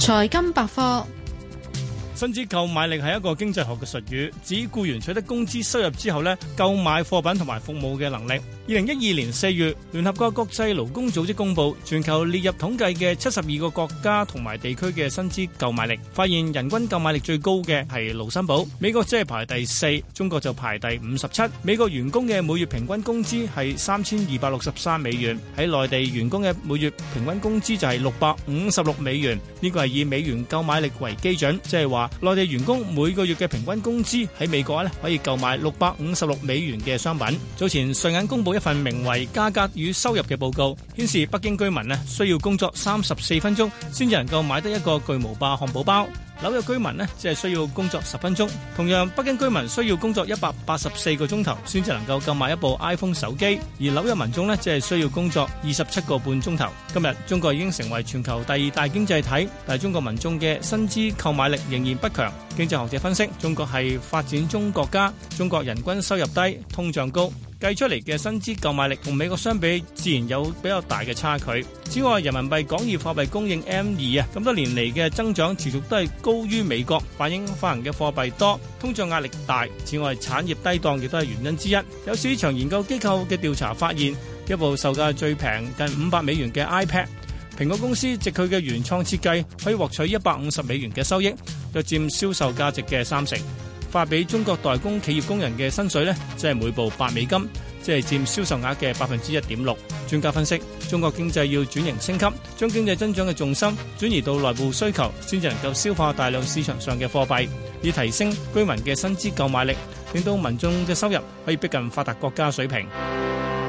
財金百科。薪資購買力係一個經濟學嘅術語，指僱員取得工資收入之後咧購買貨品同埋服務嘅能力。二零一二年四月，聯合國國際勞工組織公布全球列入統計嘅七十二個國家同埋地區嘅薪資購買力，發現人均購買力最高嘅係盧森堡，美國即係排第四，中國就排第五十七。美國員工嘅每月平均工資係三千二百六十三美元，喺內地員工嘅每月平均工資就係六百五十六美元。呢個係以美元購買力為基準，即係話。內地員工每個月嘅平均工資喺美國咧，可以購買六百五十六美元嘅商品。早前瑞銀公佈一份名為《價格與收入》嘅報告，顯示北京居民咧，需要工作三十四分鐘先至能夠買得一個巨無霸漢堡包。紐約居民咧，只係需要工作十分鐘；同樣，北京居民需要工作一百八十四個鐘頭，先至能夠購買一部 iPhone 手機。而紐約民眾咧，只係需要工作二十七個半鐘頭。今日中國已經成為全球第二大經濟體，但中國民眾嘅薪資購買力仍然不強。經濟學者分析，中國係發展中國家，中國人均收入低，通脹高。計出嚟嘅薪資購買力同美國相比，自然有比較大嘅差距。此外，人民幣廣義貨幣供應 M 二啊，咁多年嚟嘅增長持續都係高於美國，反映發行嘅貨幣多，通脹壓力大。此外，產業低檔亦都係原因之一。有市場研究機構嘅調查發現，一部售價最平近五百美元嘅 iPad，蘋果公司藉佢嘅原創設計，可以獲取一百五十美元嘅收益，約佔銷售價值嘅三成。發俾中國代工企業工人嘅薪水呢，即係每部八美金，即係佔銷售額嘅百分之一點六。專家分析，中國經濟要轉型升級，將經濟增長嘅重心轉移到內部需求，先至能夠消化大量市場上嘅貨幣，以提升居民嘅薪資購買力，令到民眾嘅收入可以逼近發達國家水平。